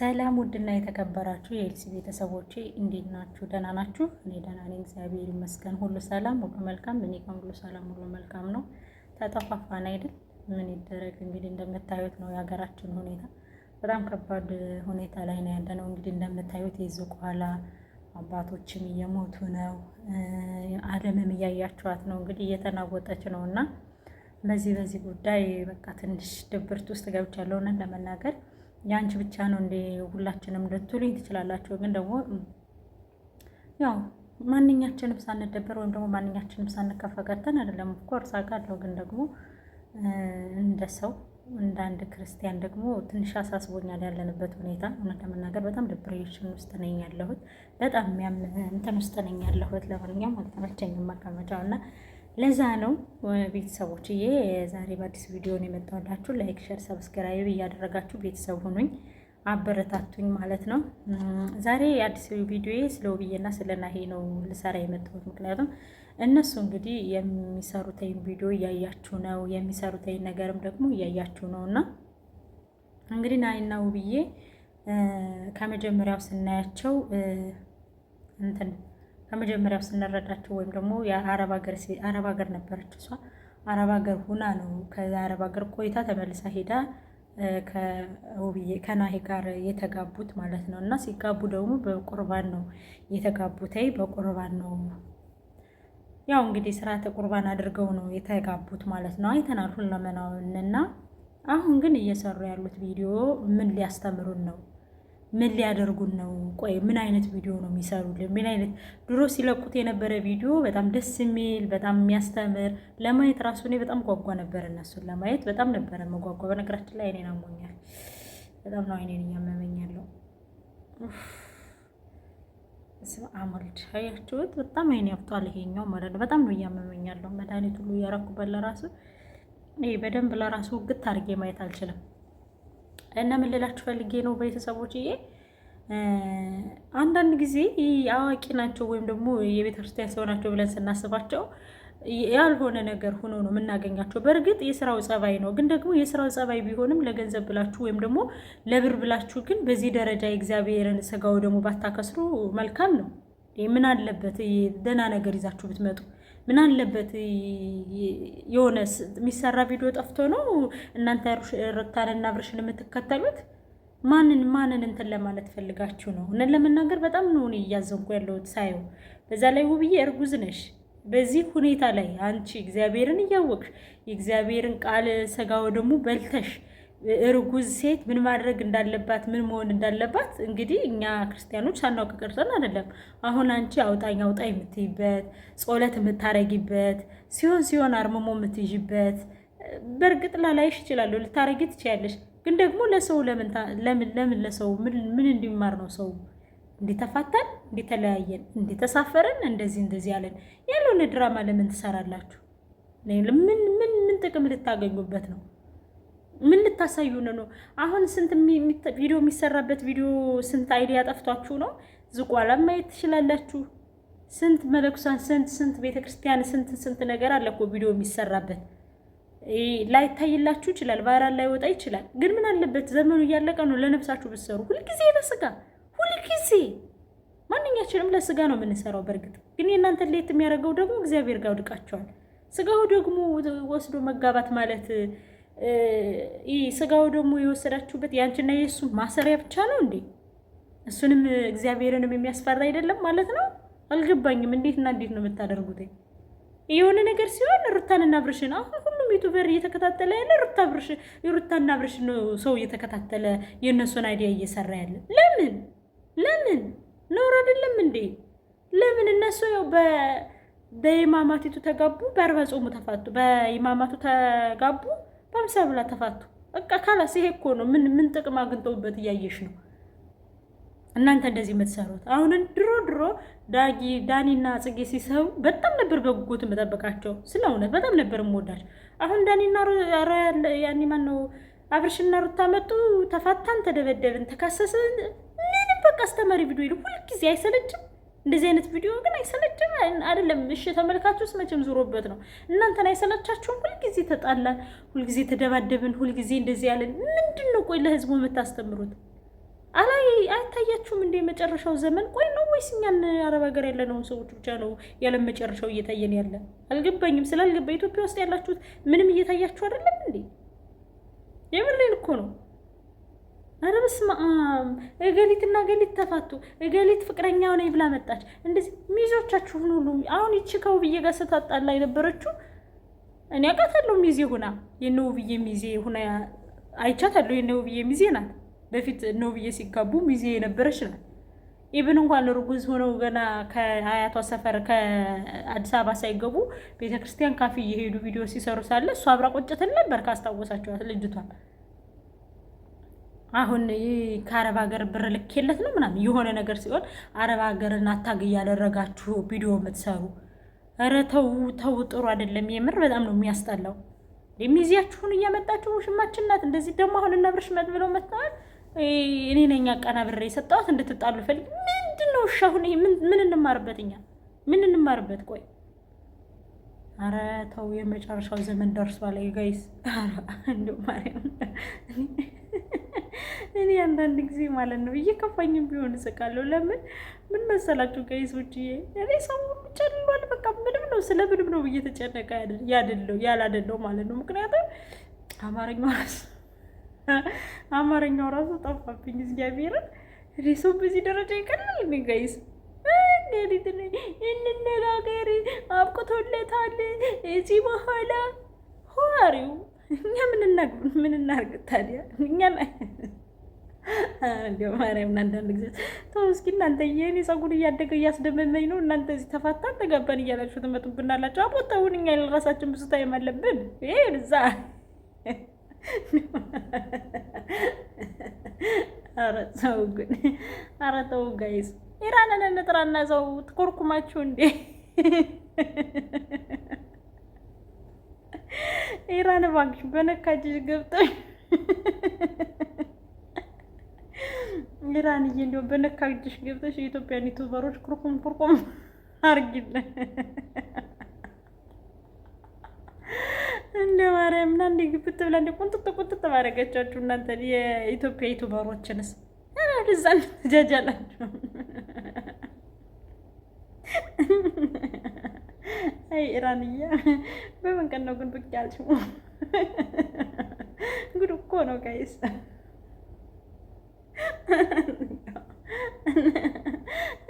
ሰላም ውድና የተከበራችሁ የኤልሲ ቤተሰቦቼ እንዴት ናችሁ? ደህና ናችሁ? እኔ ደህና ነኝ፣ እግዚአብሔር ይመስገን። ሁሉ ሰላም፣ ሁሉ መልካም። እኔ ጋር ሁሉ ሰላም፣ ሁሉ መልካም ነው። ተጠፋፋን አይደል? ምን ይደረግ እንግዲህ፣ እንደምታዩት ነው የሀገራችን ሁኔታ። በጣም ከባድ ሁኔታ ላይ ነው ያለነው። እንግዲህ እንደምታዩት የዚህ ከኋላ አባቶችም እየሞቱ ነው። ዓለምም እያያችኋት ነው እንግዲህ እየተናወጠች ነው እና በዚህ በዚህ ጉዳይ በቃ ትንሽ ድብርት ውስጥ ገብቻለሁ ለመናገር የአንቺ ብቻ ነው እንደ ሁላችንም ልትሉኝ ትችላላችሁ። ግን ደግሞ ያው ማንኛችንም ሳንደበር ወይም ደግሞ ማንኛችንም ሳንከፋ ቀርተን አይደለም። ኮርስ አውቃለሁ። ግን ደግሞ እንደ ሰው እንደ አንድ ክርስቲያን ደግሞ ትንሽ አሳስቦኛል ያለንበት ሁኔታ። እውነት ለመናገር በጣም ድብሬሽን ውስጥ ነኝ ያለሁት፣ በጣም እንትን ውስጥ ነኝ ያለሁት። ለማንኛውም አልተመቸኝም መቀመጫው እና ለዛ ነው ዬ ዛሬ በአዲስ ቪዲዮ ነው የመጣሁላችሁ። ላይክ፣ ሸር፣ ሰብስክራይብ እያደረጋችሁ ቤተሰብ ሁኑኝ አበረታቱኝ ማለት ነው። ዛሬ አዲስ ቪዲዮ ስለ ውብዬና ስለ ናሂ ነው ልሰራ የመጣሁት። ምክንያቱም እነሱ እንግዲህ የሚሰሩተኝ ቪዲዮ እያያችሁ ነው፣ የሚሰሩተኝ ነገርም ደግሞ እያያችሁ ነው እና እንግዲህ ናሂና ውብዬ ከመጀመሪያው ስናያቸው እንትን ከመጀመሪያው ስንረዳቸው ወይም ደግሞ አረብ ሀገር ነበረች እሷ አረብ ሀገር ሁና ነው ከዛ አረብ ሀገር ቆይታ ተመልሳ ሄዳ ከናሄ ጋር የተጋቡት ማለት ነው። እና ሲጋቡ ደግሞ በቁርባን ነው የተጋቡት። በቁርባን ነው ያው እንግዲህ ስርዓተ ቁርባን አድርገው ነው የተጋቡት ማለት ነው። አይተናል ሁለመናውንና አሁን ግን እየሰሩ ያሉት ቪዲዮ ምን ሊያስተምሩን ነው? ምን ሊያደርጉን ነው? ቆይ ምን አይነት ቪዲዮ ነው የሚሰሩልን? ምን አይነት ድሮ ሲለቁት የነበረ ቪዲዮ በጣም ደስ የሚል በጣም የሚያስተምር ለማየት ራሱ እኔ በጣም ጓጓ ነበር። እነሱን ለማየት በጣም ነበረ መጓጓ። በነገራችን ላይ አይኔን አሞኛል። በጣም ነው አይኔን እያመመኝ ያለው። ስም አሞልድ አያችሁት? በጣም አይኔ ያብጧል። ይሄኛው ማለት ነው በጣም ነው እያመመኝ ያለው። መድኃኒት ሁሉ እያረኩበት ለራሱ ይህ በደንብ ለራሱ ግት አድርጌ ማየት አልችልም። እና ምን ልላችሁ ፈልጌ ነው ቤተሰቦችዬ፣ አንዳንድ ጊዜ አዋቂ ናቸው ወይም ደግሞ የቤተክርስቲያን ሰው ናቸው ብለን ስናስባቸው ያልሆነ ነገር ሆኖ ነው የምናገኛቸው። በእርግጥ የስራው ጸባይ ነው፣ ግን ደግሞ የስራው ጸባይ ቢሆንም ለገንዘብ ብላችሁ ወይም ደግሞ ለብር ብላችሁ ግን በዚህ ደረጃ የእግዚአብሔርን ስጋው ደግሞ ባታከስሩ መልካም ነው። ምን አለበት? ደህና ነገር ይዛችሁ ብትመጡ ምን አለበት የሆነ የሚሰራ ቪዲዮ ጠፍቶ ነው እናንተ ሩታንና አብርሽን የምትከተሉት? ማንን ማንን እንትን ለማለት ፈልጋችሁ ነው? እንን ለመናገር በጣም ነው እኔ እያዘንኩ ያለሁት ሳየው። በዛ ላይ ውብዬ እርጉዝ ነሽ። በዚህ ሁኔታ ላይ አንቺ እግዚአብሔርን እያወቅሽ የእግዚአብሔርን ቃል ስጋው ደግሞ በልተሽ እርጉዝ ሴት ምን ማድረግ እንዳለባት ምን መሆን እንዳለባት እንግዲህ እኛ ክርስቲያኖች ሳናውቅ ቅርጽን አይደለም። አሁን አንቺ አውጣኝ አውጣ የምትይበት ጸሎት የምታረጊበት ሲሆን ሲሆን አርምሞ የምትይዥበት በእርግጥ ላላይሽ ይችላሉ ልታረጊ ትችያለሽ። ግን ደግሞ ለሰው ለምን ለምን ለሰው ምን እንዲማር ነው ሰው እንዲተፋታን እንዲተለያየን እንዲተሳፈረን እንደዚህ እንደዚህ ያለን ያለውን ድራማ ለምን ትሰራላችሁ? ምን ምን ምን ጥቅም ልታገኙበት ነው? ምን ልታሳዩን ነው? አሁን ስንት ቪዲዮ የሚሰራበት ቪዲዮ ስንት አይዲያ ጠፍቷችሁ ነው? ዝቋላም ማየት ትችላላችሁ። ስንት መለኩሳን ስንት ስንት ቤተክርስቲያን ስንት ስንት ነገር አለ እኮ ቪዲዮ የሚሰራበት ላይታይላችሁ ይችላል። ቫይራል ላይወጣ ይችላል። ግን ምን አለበት ዘመኑ እያለቀ ነው። ለነፍሳችሁ ብትሰሩ ሁልጊዜ ለስጋ ሁልጊዜ ማንኛችንም ለስጋ ነው የምንሰራው። በእርግጥ ግን የእናንተ ለየት የሚያደርገው ደግሞ እግዚአብሔር ጋር ወድቃቸዋል። ስጋው ደግሞ ወስዶ መጋባት ማለት ስጋው ደግሞ የወሰዳችሁበት የአንችና የእሱ ማሰሪያ ብቻ ነው እንዴ? እሱንም እግዚአብሔርንም የሚያስፈራ አይደለም ማለት ነው። አልገባኝም። እንዴትና እንዴት ነው የምታደርጉት? የሆነ ነገር ሲሆን ሩታንና ብርሽን አሁን ሁሉም ዩቱበር እየተከታተለ ያለ ሩታ ብርሽ ሩታና ብርሽ ሰው እየተከታተለ የእነሱን አይዲያ እየሰራ ያለ ለምን ለምን ነውር አይደለም እንዴ? ለምን እነሱ ያው በ በኢማማቲቱ ተጋቡ፣ በአርባ ጾሙ ተፋቱ፣ በኢማማቱ ተጋቡ በምሳ ብላ ተፋቱ። በቃ ካላስ ይሄ እኮ ነው። ምን ምን ጥቅም አግኝተውበት እያየሽ ነው እናንተ እንደዚህ የምትሰሩት። አሁን ድሮ ድሮ ዳጊ ዳኒና ጽጌ ሲሰሩ በጣም ነበር በጉጉት የምጠብቃቸው። ስለ እውነት በጣም ነበር የምወዳቸው። አሁን ዳኒና ያኔ ማን ነው አብርሽና ሩታ መጡ። ተፋታን፣ ተደበደብን፣ ተካሰስን። ምንም በቃ አስተማሪ ቪዲዮ ይሉ ሁልጊዜ አይሰለችም። እንደዚህ አይነት ቪዲዮ ግን አይሰለችም አይደለም? እሺ ተመልካችሁስ መቼም ዙሮበት ነው። እናንተን አይሰለቻችሁም? ሁልጊዜ ተጣላን፣ ሁልጊዜ ተደባደብን፣ ሁልጊዜ እንደዚህ ያለን ምንድን ነው? ቆይ ለህዝቡ የምታስተምሩት አላይ አይታያችሁም እንደ የመጨረሻው ዘመን ቆይ ነው ወይስ እኛን አረብ ሀገር ያለነውን ሰዎች ብቻ ነው ያለን መጨረሻው እየታየን ያለ? አልገባኝም። ስላልገባ ኢትዮጵያ ውስጥ ያላችሁት ምንም እየታያችሁ አይደለም እንዴ? የምንልን እኮ ነው ኧረ በስመ አብ እገሊትና እገሊት ተፋቱ፣ እገሊት ፍቅረኛ ነኝ ብላ መጣች። እንደዚህ ሚዜዎቻችሁን ሁሉ አሁን ይቺ ከውብዬ ጋር ስታጣላ የነበረችው እኔ አውቃታለሁ። ሚዜ ሁና የእነ ውብዬ ሚዜ ሁና አይቻታለሁ። የእነ ውብዬ ሚዜ ናት። በፊት እነ ውብዬ ሲጋቡ ሚዜ የነበረች ናት። ኢብን እንኳን ርጉዝ ሆነው ገና ከአያቷ ሰፈር ከአዲስ አበባ ሳይገቡ ቤተክርስቲያን ካፊ እየሄዱ ቪዲዮ ሲሰሩ ሳለ እሷ አብራ ቆጭትን ነበር ካስታወሳቸዋት ልጅቷን አሁን ከአረብ ሀገር ብር ልኬለት ነው ምናምን የሆነ ነገር ሲሆን አረብ ሀገርን አታግ እያደረጋችሁ ቪዲዮ የምትሰሩ ኧረ ተው ተው፣ ጥሩ አይደለም። የምር በጣም ነው የሚያስጠላው። የሚዜያችሁን እያመጣችሁ ውሽማችን ናት እንደዚህ ደግሞ አሁን እና ብርሽ ብለው መጥተዋል። እኔ ነኝ አቃና ብሬ የሰጠዋት እንድትጣሉ ይፈልግ ምንድን ነው እሺ? አሁን ምን እንማርበት እኛ ምን እንማርበት? ቆይ አረ ተው፣ የመጨረሻው ዘመን ደርሷል ጋይስ። እንዲ ማርያም እኔ አንዳንድ ጊዜ ማለት ነው እየከፋኝም ቢሆን እስቃለሁ። ለምን ምን መሰላችሁ ጋይሶች፣ እኔ ሰው ጨልሏል። በቃ ምንም ነው ስለ ምንም ነው እየተጨነቀ ያደለው ያላደለው ማለት ነው። ምክንያቱም አማርኛው ራሱ አማርኛው ራሱ ጠፋብኝ። እግዚአብሔርን እኔ ሰው በዚህ ደረጃ ይቀላል ጋይስ እንደት እንነጋገር አብቅቶለታል። እዚህ በኋላ ሆዋሪው እኛ ምን እናርግ ታዲያ? እኛ እንዲያው ማርያም አንዳንድ ጊዜ ተው እስኪ እናንተ የእኔ ፀጉር እያደገ እያስደመመኝ ነው። እናንተ እዚህ ተፋታን ተጋባን እያላችሁ ትመጡብናላችሁ። አቦታውን እኛ ለራሳችን ብዙ ታይም አለብን። ይሄ እዛ ኧረ ተው ግን ኧረ ተው ጋይዝ ኢራንን እንጥራና እዛው ትኮርኩማችሁ እንዴ? ኢራን እባክሽ በነካጅሽ ገብጠሽ ኢራንዬ፣ እንዲያው በነካጅሽ ገብጠሽ የኢትዮጵያን ዩቱበሮች ኩርኩም ኩርኩም አርጊልን እንደ ማርያም እና እንደ ግብት ብላ እንደ ቁንጥጥ ቁንጥጥ ባረገቻችሁ እናንተ የኢትዮጵያ ዩቱበሮችንስ ዛን ጃጃላችሁ። አይ ኢራንያ በምን ቀን ነው ግን ብቅ ያልሽው? ጉድ እኮ ነው ጋይስ።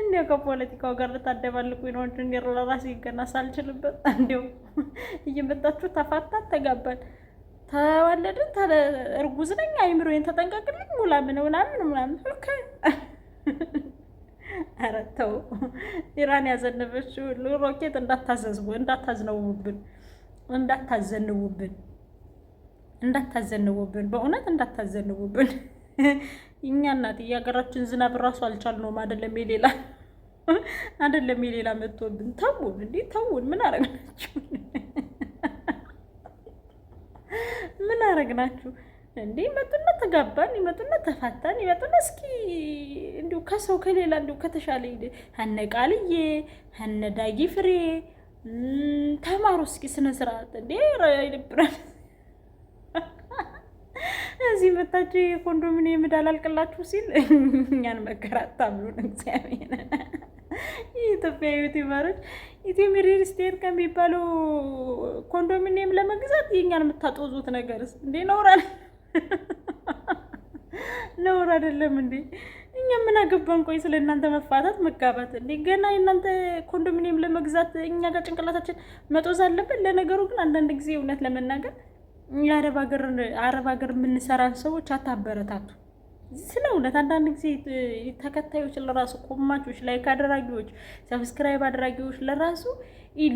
እንዲያው ከፖለቲካው ጋር ልታደባልቁኝ ነው እንጂ እንዲያው ለራሴ ገና ሳልችልበት እንዲያው እየመጣችሁ ተፋታት፣ ተጋባን፣ ተዋለድን፣ እርጉዝ ነኝ፣ አይምሮዬን ተጠንቀቅልኝ፣ ሙላምን ምናምን ምናምን ኧረ ተው ኢራን ያዘነበችው ሮኬት እንዳታዘዝቡ እንዳታዝነውብን እንዳታዘንቡብን እንዳታዘንቡብን በእውነት እንዳታዘንቡብን። እኛ እናት የሀገራችን ዝናብ ራሱ አልቻልነውም። አይደለም የሌላ አይደለም የሌላ መጥቶብን። ተውን እንዴ ተውን። ምን አረግናችሁ? ምን አረግናችሁ? እንዴ ይመጡና ተጋባን፣ ይመጡና ተፋታን፣ ይመጡና እስኪ እንዲሁ ከሰው ከሌላ እንዲሁ ከተሻለ ሀነ ቃልዬ ሀነ ዳጊ ፍሬ ተማሩ እስኪ ስነ ስርዓት እንዴ ይደብራል። እዚህ መታቸው የኮንዶሚኒየም ዕዳ አላልቅላችሁ ሲል እኛን መከራ ታምሉን እግዚአብሔር የኢትዮጵያ ዩቲዩበሮች ኢትዮ ሪል ስቴት ከሚባለው ኮንዶሚኒየም ለመግዛት የእኛን የምታጦዙት ነገርስ እንዴ ነውራል። ነውር አይደለም እንዴ? እኛ ምን አገባን? ቆይ ስለ እናንተ መፋታት መጋባት እንዴ? ገና የእናንተ ኮንዶሚኒየም ለመግዛት እኛ ጋር ጭንቅላታችን መጦዝ አለብን። ለነገሩ ግን አንዳንድ ጊዜ እውነት ለመናገር የአረብ ሀገር የምንሰራ ሰዎች አታበረታቱ። ስለ እውነት አንዳንድ ጊዜ ተከታዮች ለራሱ ኮማቾች፣ ላይክ አድራጊዎች፣ ሰብስክራይብ አድራጊዎች ለራሱ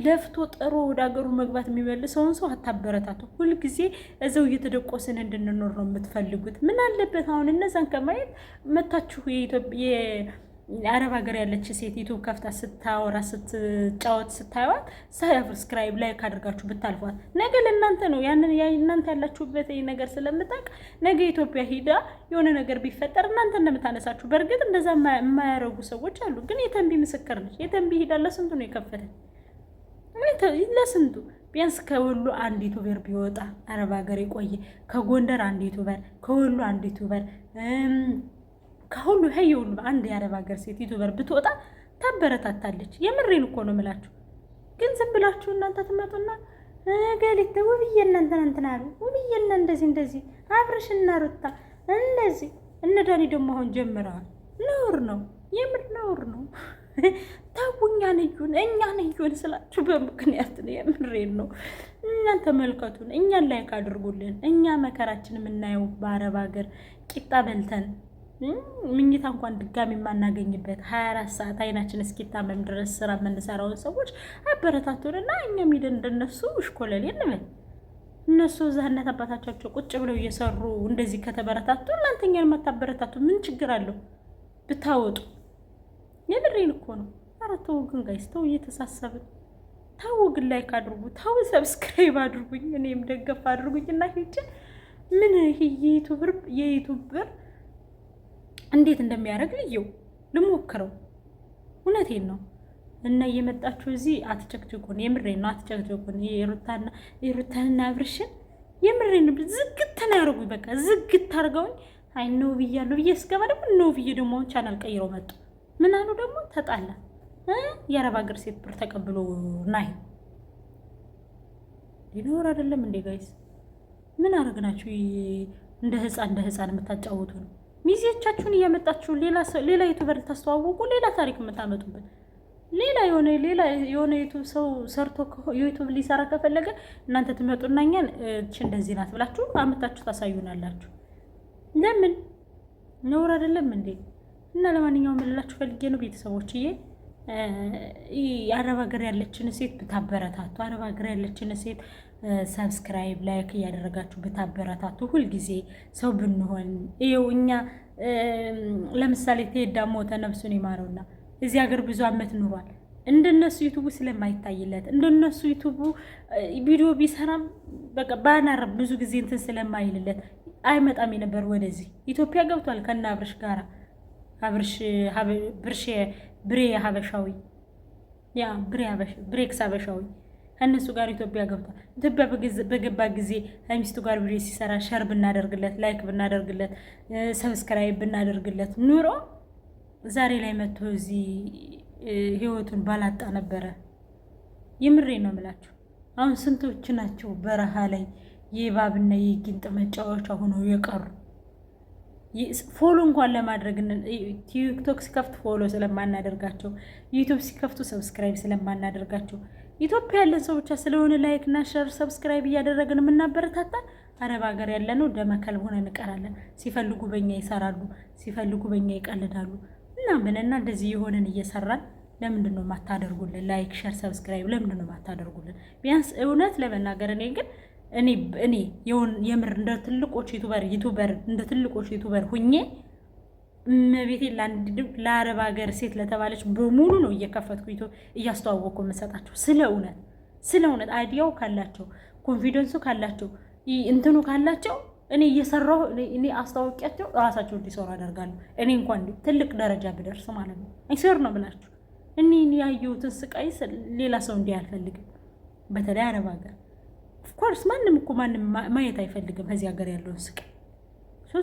ለፍቶ ጥሮ ወደ ሀገሩ መግባት የሚመልሰውን ሰው አታበረታቱ። ሁልጊዜ እዛው እየተደቆስን እንድንኖር ነው የምትፈልጉት። ምን አለበት አሁን እነዛን ከማየት መታችሁ አረብ ሀገር ያለች ሴት ዩቱብ ከፍታ ስታወራ ስትጫወት ስታዩዋት ሰብስክራይብ ላይክ አድርጋችሁ ብታልፏት ነገ ለእናንተ ነው። ያንን እናንተ ያላችሁበት ነገር ስለምታውቅ ነገ ኢትዮጵያ ሂዳ የሆነ ነገር ቢፈጠር እናንተ እንደምታነሳችሁ። በእርግጥ እንደዛ የማያረጉ ሰዎች አሉ፣ ግን የተንቢ ምስክር ነች። የተንቢ ሂዳ ለስንቱ ነው የከፈተኝ ለስንቱ ቢያንስ ከወሎ አንድ ዩቱበር ቢወጣ አረብ ሀገር የቆየ ከጎንደር አንድ ዩቱበር ከወሎ አንድ ዩቱበር ከሁሉ ህየውን በአንድ የአረብ ሀገር ሴት ዩቱበር ብትወጣ ታበረታታለች። የምሬን እኮ ነው ምላችሁ። ግን ዝም ብላችሁ እናንተ ትመጡና ገሊት ውብዬ እናንተን እንትን አሉ ውብዬ እና እንደዚህ እንደዚህ አብርሽ እና ሩታ እንደዚህ እነ ዳኒ ደግሞ አሁን ጀምረዋል። ነውር ነው የምር ነውር ነው። ታው እኛን እዩን እኛን እዩን ስላችሁ በምክንያት ነው። የምሬን ነው። እኛን ተመልከቱን፣ እኛን ላይክ አድርጉልን። እኛ መከራችን የምናየው በአረብ ሀገር ቂጣ በልተን ምኝታ እንኳን ድጋሚ የማናገኝበት ሀያ አራት ሰዓት አይናችን እስኪታመም ድረስ ስራ የምንሰራውን ሰዎች አበረታቱንና እኛም ሄደን እንደነሱ እሽኮለሌ እንበል። እነሱ ዛህነት አባታቻቸው ቁጭ ብለው እየሰሩ እንደዚህ ከተበረታቱ እናንተ እኛን የማታበረታቱ ምን ችግር አለው? ብታወጡ የምሬን እኮ ነው። ኧረ ተው ግን ጋይስ ተው፣ እየተሳሰብን ተው። ግን ላይክ አድርጉ፣ ተው ሰብስክራይብ አድርጉኝ፣ እኔም ደገፍ አድርጉኝ እና ሄችን ምን ይሄ የዩቱብ ብር እንዴት እንደሚያደርግ ልየው ልሞክረው። እውነቴን ነው። እና እየመጣችሁ እዚህ አትጨቅጭቁን። የምሬን ነው፣ አትጨቅጭቁን። የሩታንና አብርሽን የምሬን ዝግት ተናያረጉኝ። በቃ ዝግት አድርገውኝ አይ ነው ብያለሁ ብዬ ስገባ ደግሞ ነው ብዬ ደግሞ ቻናል ቀይረው መጡ። ምን አሉ ደግሞ ተጣላ። የአረብ ሀገር ሴት ብር ተቀብሎ ናይ ሊኖር አይደለም እንዴ ጋይስ? ምን አረግናችሁ? እንደ ህፃን እንደ ህፃን የምታጫወቱ ነው ሚዜዎቻችሁን እያመጣችሁ ሌላ ዩቱበር ልታስተዋውቁ ሌላ ታሪክ የምታመጡበት ሌላ የሆነ ሌላ የሆነ ዩቱብ ሰው ሰርቶ ዩቱብ ሊሰራ ከፈለገ እናንተ ትመጡና እኛን እች እንደዚህ ናት ብላችሁ አመታችሁ ታሳዩናላችሁ። ለምን ነውር አይደለም እንዴ? እና ለማንኛውም የምንላችሁ ፈልጌ ነው ቤተሰቦችዬ። አረብ ሀገር ያለችን ሴት ብታበረታቱ፣ አረብ ሀገር ያለችን ሴት ሰብስክራይብ ላይክ እያደረጋችሁ ብታበረታቱ፣ ሁልጊዜ ሰው ብንሆን ይኸው እኛ ለምሳሌ ቴዳ ሞተ ነፍሱን ይማረውና እዚህ ሀገር ብዙ አመት ኑሯል። እንደነሱ ዩቱቡ ስለማይታይለት እንደነሱ ዩቱቡ ቪዲዮ ቢሰራም በቃ ባናር ብዙ ጊዜ እንትን ስለማይልለት አይመጣም የነበር ወደዚህ ኢትዮጵያ ገብቷል ከነ አብርሽ ጋራ አብርሽ ብሬ ሀበሻዊ ያ ብሬክስ ሀበሻዊ እነሱ ጋር ኢትዮጵያ ገብቷል። ኢትዮጵያ በገባ ጊዜ ከሚስቱ ጋር ብሬ ሲሰራ ሸር ብናደርግለት፣ ላይክ ብናደርግለት፣ ሰብስክራይብ ብናደርግለት ኑሮ ዛሬ ላይ መጥቶ እዚህ ህይወቱን ባላጣ ነበረ። የምሬ ነው የምላችሁ። አሁን ስንቶች ናቸው በረሃ ላይ የባብና የጊንጥ መጫወቻ ሆነው የቀሩ? ፎሎ እንኳን ለማድረግ ቲክቶክ ሲከፍት ፎሎ ስለማናደርጋቸው፣ ዩቱብ ሲከፍቱ ሰብስክራይብ ስለማናደርጋቸው ኢትዮጵያ ያለን ሰው ብቻ ስለሆነ ላይክ እና ሸር ሰብስክራይብ እያደረግን የምናበረታታ አረብ ሀገር ያለ ነው ደመከል ሆነ እንቀራለን። ሲፈልጉ በኛ ይሰራሉ፣ ሲፈልጉ በኛ ይቀልዳሉ። እና ምንና እንደዚህ የሆነን እየሰራን ለምንድን ነው የማታደርጉልን? ላይክ ሸር ሰብስክራይብ ለምንድን ነው የማታደርጉልን? ቢያንስ እውነት ለመናገር እኔ ግን እኔ እኔ የምር እንደ ትልቆች ዩቱበር ዩቱበር እንደ ትልቆች ዩቱበር ሁኜ እመቤቴ ለአረብ ሀገር ሴት ለተባለች በሙሉ ነው እየከፈትኩ እያስተዋወቅኩ የምሰጣቸው ስለ እውነት ስለ እውነት አይዲያው ካላቸው ኮንፊደንሱ ካላቸው እንትኑ ካላቸው እኔ እየሰራሁ እኔ አስተዋወቂያቸው ራሳቸው እንዲሰሩ አደርጋለሁ። እኔ እንኳን ትልቅ ደረጃ ብደርስ ማለት ነው አይሰር ነው ብላችሁ እኔ ያየሁትን ስቃይ ሌላ ሰው እንዲህ አልፈልግም። በተለይ አረብ ሀገር ኦፍኮርስ ማንም እኮ ማንም ማየት አይፈልግም ከዚህ ሀገር ያለውን ስቅ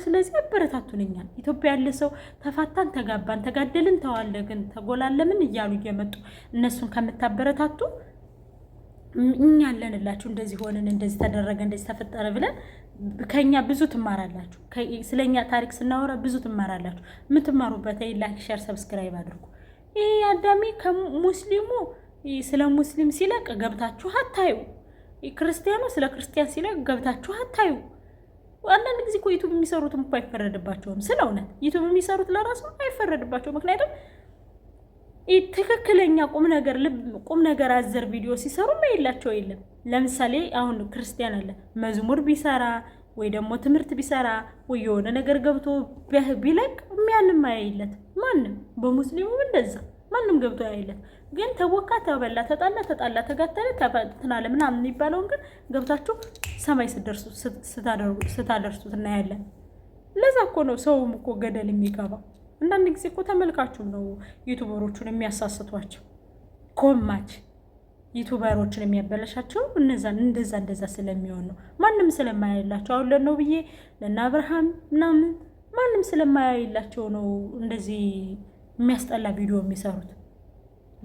ስለዚህ አበረታቱን። ኢትዮጵያ ያለ ሰው ተፋታን፣ ተጋባን፣ ተጋደልን፣ ተዋለግን፣ ተጎላለምን እያሉ እየመጡ እነሱን ከምታበረታቱ እኛ አለንላችሁ። እንደዚህ ሆንን፣ እንደዚህ ተደረገ፣ እንደዚህ ተፈጠረ ብለን ከኛ ብዙ ትማራላችሁ። ስለኛ ታሪክ ስናወራ ብዙ ትማራላችሁ። የምትማሩበት ላይክ፣ ሸር፣ ሰብስክራይብ አድርጉ። ይሄ አዳሚ ከሙስሊሙ ስለ ሙስሊም ሲለቅ ገብታችሁ አታዩ። ክርስቲያኑ ስለ ክርስቲያን ሲለ ገብታችሁ አታዩ። አንዳንድ ጊዜ እኮ ዩቱብ የሚሰሩትም እኮ አይፈረድባቸውም። ስለ እውነት ዩቱብ የሚሰሩት ለራሱ አይፈረድባቸው። ምክንያቱም ትክክለኛ ቁም ነገር ቁም ነገር አዘር ቪዲዮ ሲሰሩ የላቸው የለም። ለምሳሌ አሁን ክርስቲያን አለ መዝሙር ቢሰራ ወይ ደግሞ ትምህርት ቢሰራ ወይ የሆነ ነገር ገብቶ ቢለቅ የሚያንም አያይለት ማንም። በሙስሊሙም እንደዛ ማንም ገብቶ አያይለት። ግን ተቦካ ተበላ፣ ተጣላ ተጣላ፣ ተጋተለ ተፈትናለ ምናምን የሚባለውን ግን ገብታችሁ ሰማይ ስታደርሱት እናያለን። ለዛ እኮ ነው ሰውም እኮ ገደል የሚገባው። አንዳንድ ጊዜ እኮ ተመልካችሁም ነው ዩቱበሮቹን የሚያሳስቷቸው። ኮማች ዩቱበሮችን የሚያበለሻቸው እነዛ እንደዛ እንደዛ ስለሚሆን ነው። ማንም ስለማያላቸው አሁን ለነው ብዬ ለእነ አብርሃም ምናምን ማንም ስለማያይላቸው ነው እንደዚህ የሚያስጠላ ቪዲዮ የሚሰሩት።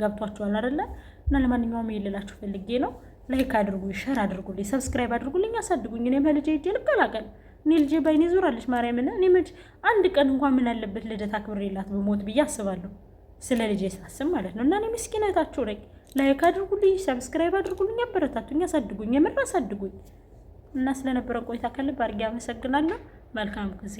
ገብቷችኋል አይደለ? እና ለማንኛውም የሌላችሁ ፈልጌ ነው። ላይክ አድርጉኝ፣ ሸር አድርጉልኝ፣ ሰብስክራይብ አድርጉልኝ፣ አሳድጉኝ። እኔ በልጄ እጄ ልቀላቀል። እኔ ልጄ ባይኔ ዞራለች። ማርያምን እኔ መች አንድ ቀን እንኳን ምን አለበት ልደት አክብሬላት በሞት ብዬ አስባለሁ። ስለ ልጄ ሳስብ ማለት ነው። እና እኔ ምስኪነታችሁ ነኝ። ላይክ አድርጉልኝ፣ ሰብስክራይብ አድርጉልኝ፣ አበረታቱኝ፣ አሳድጉኝ፣ የምር አሳድጉኝ። እና ስለነበረ ቆይታ ከልብ አድርጌ አመሰግናለሁ። መልካም ጊዜ